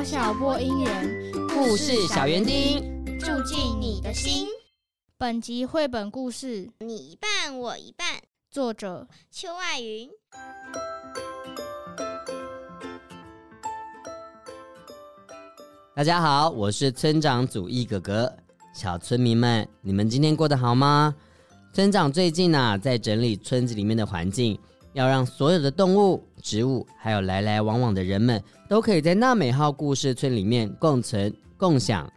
小小播音員，故事小園丁，住進你的心。本集繪本故事《你一半我一半》，作者邱艾蕓。大家好，我是村長祖逸哥哥。小村民們，你們今天過得好嗎？村長最近呢、啊，在整理村子裡面的環境。要讓所有的動物、植物，還有來來往往的人們，都可以在納美號故事村裡面共存、共享。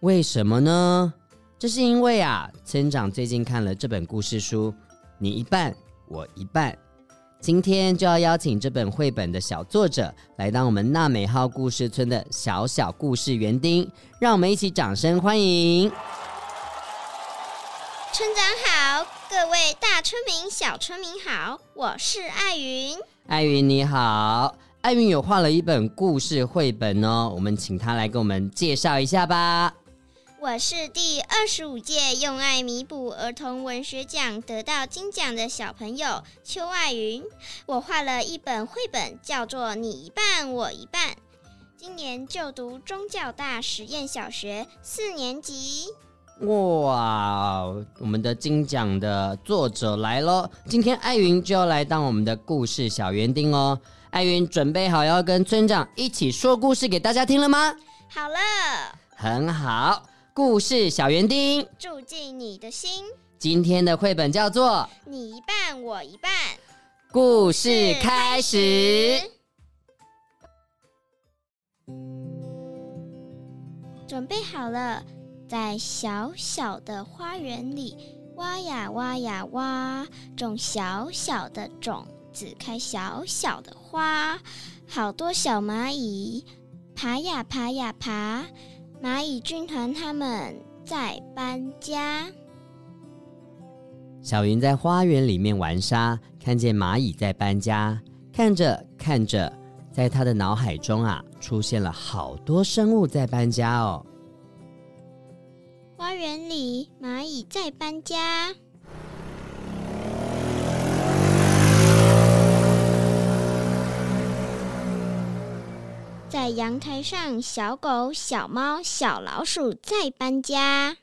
為什麼呢？這是因為啊，村長最近看了這本故事書，你一半，我一半。今天就要邀請這本繪本的小作者來當我們納美號故事村的小小故事園丁，讓我們一起掌聲歡迎。村長好，各位大村民、小村民好，我是艾蕓。艾蕓你好，艾蕓有畫了一本故事繪本哦，我們請他來給我們介紹一下吧。我是第二十五屆用愛彌補兒童文學獎得到金獎的小朋友邱艾蕓，我畫了一本繪本叫做《你一半我一半》，今年就讀中教大實驗小學四年級。哇、wow！我們的金獎的作者來了，今天艾蕓就要來當我們的故事小園丁哦。艾蕓準備好要跟村長一起說故事給大家聽了嗎？好了，很好，故事小園丁住進你的心。今天的繪本叫做《你一半我一半》，故事開始，開始，準備好了。在小小的花園裡，挖呀挖呀挖，種小小的種子，開小小的花。好多小螞蟻爬呀爬呀爬，螞蟻軍團他們在搬家。小蕓在花園裡面玩沙，看見螞蟻在搬家，看着看着，在他的腦海中啊，出現了好多生物在搬家哦。花園裡，螞蟻在搬家。在陽台上，小狗、小貓、小老鼠在搬家。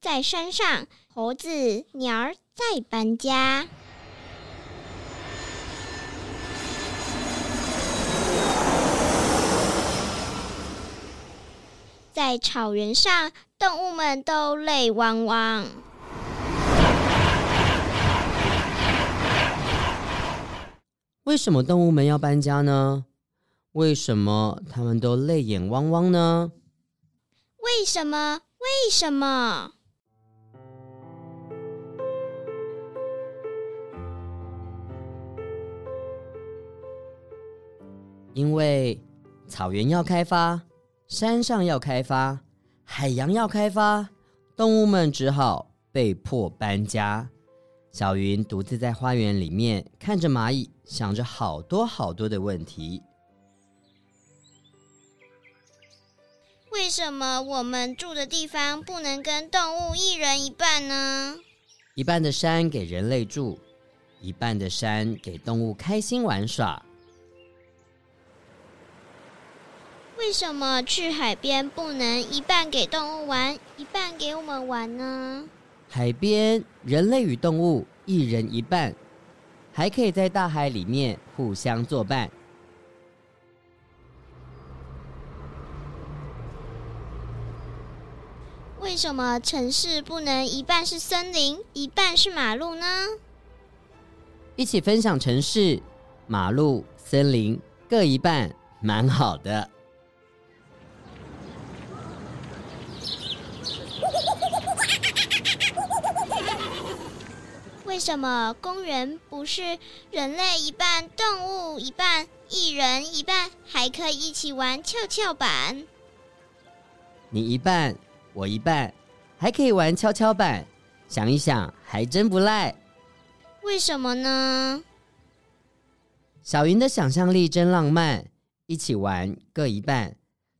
在山上，猴子、鳥兒在搬家。在草原上，動物們都淚汪汪。為什麼動物們要搬家呢？為什麼他們都淚眼汪汪呢？為什麼？為什麼？因為草原要開發。山上要開發，海洋要開發，動物們只好被迫搬家。小蕓獨自在花園裡面看着螞蟻，想着好多好多的問題：為什麼我們住的地方不能跟動物一人一半呢？一半的山給人類住，一半的山給動物開心玩耍。為什麼去海邊不能一半給動物玩，一半給我們玩呢？海邊，人類與動物一人一半，還可以在大海裡面互相作伴。為什麼城市不能一半是森林，一半是馬路呢？一起分享城市、馬路、森林各一半，蠻好的。為什麼工人不是人類一半，動物一半，一人一半，還可以一起玩蹺蹺板？你一半，我一半，還可以玩蹺蹺板，想一想，還真不賴。為什麼呢？小蕓的想象力真浪漫，一起玩各一半。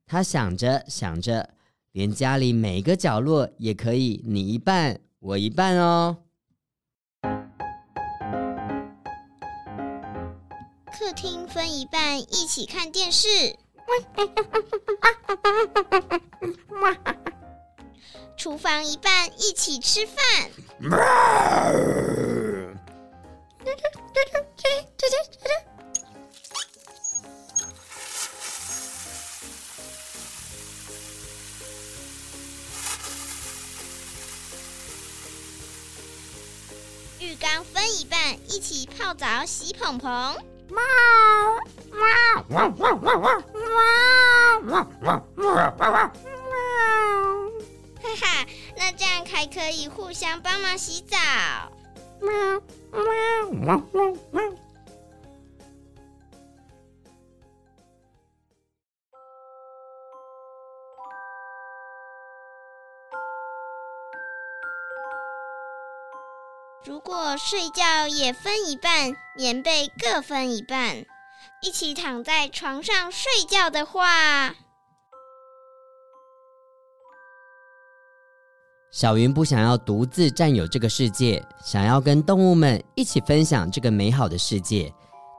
她想着想着，連家裡每個角落也可以，你一半，我一半哦。客廳分一半，一起看電視。廚房一半，一起吃飯。浴缸分一半，一起泡澡洗蓬蓬。哇哇哇哇哇哇！哇哇哇哇哇哇！哇！哈哈，那這樣還可以互相幫忙洗澡。如果睡覺也分一半，棉被各分一半，一起躺在床上睡覺的話，小云不想要獨自占有這個世界，想要跟動物們一起分享這個美好的世界。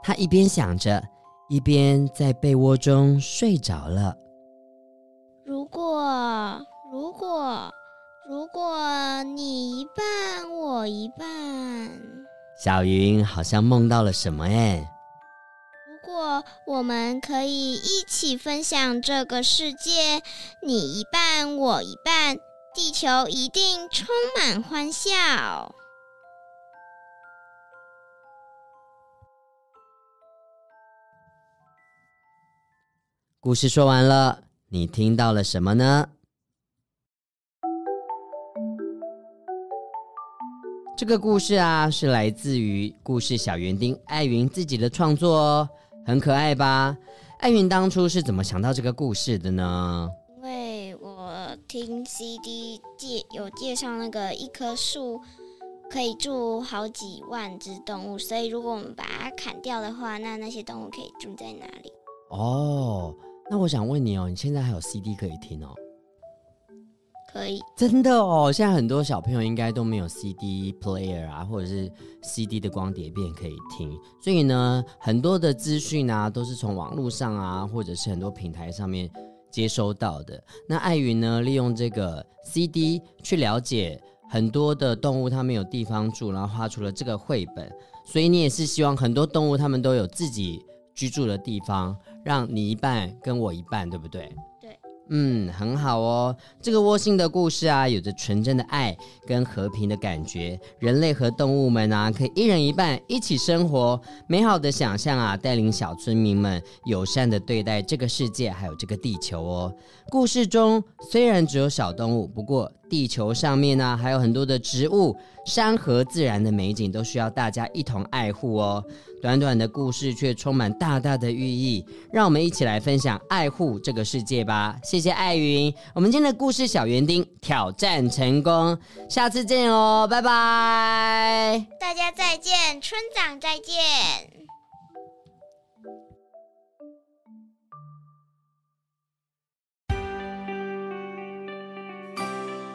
她一邊想着，一邊在被窩中睡着了。如果，如果。如果你一半，我一半，小蕓好像夢到了什麼哎。如果我們可以一起分享這個世界，你一半，我一半，地球一定充滿歡笑。故事說完了，你聽到了什麼呢？這個故事啊，是來自於故事小園丁艾蕓自己的創作哦，很可愛吧？艾蕓當初是怎麼想到這個故事的呢？因為我聽 CD 介有介紹那個一棵樹可以住好幾萬只動物，所以如果我們把它砍掉的話，那那些動物可以住在哪裡？哦，那我想問你哦，你現在還有 CD 可以聽哦？真的哦，現在很多小朋友應該都沒有 C D player 啊，或者是 C D 的光碟片可以聽，所以呢，很多的資訊啊，都是從網絡上啊，或者是很多平台上面接收到的。那艾云呢，利用這個 C D 去了解很多的動物，他們有地方住，然後畫出了這個繪本。所以你也是希望很多動物他們都有自己居住的地方，讓你一半跟我一半，對不對？嗯，很好哦。這個窩心的故事啊，有着純真的愛跟和平的感覺。人類和動物們啊，可以一人一半一起生活，美好的想象啊，帶領小村民們友善地對待這個世界，還有這個地球哦。故事中雖然只有小動物，不過。地球上面呢、啊，還有很多的植物、山河自然的美景，都需要大家一同愛護哦。短短的故事卻充滿大大的寓意，讓我們一起來分享愛護這個世界吧。謝謝艾蕓，我們今天的故事小園丁挑戰成功，下次見哦！拜拜！大家再見，村長再見。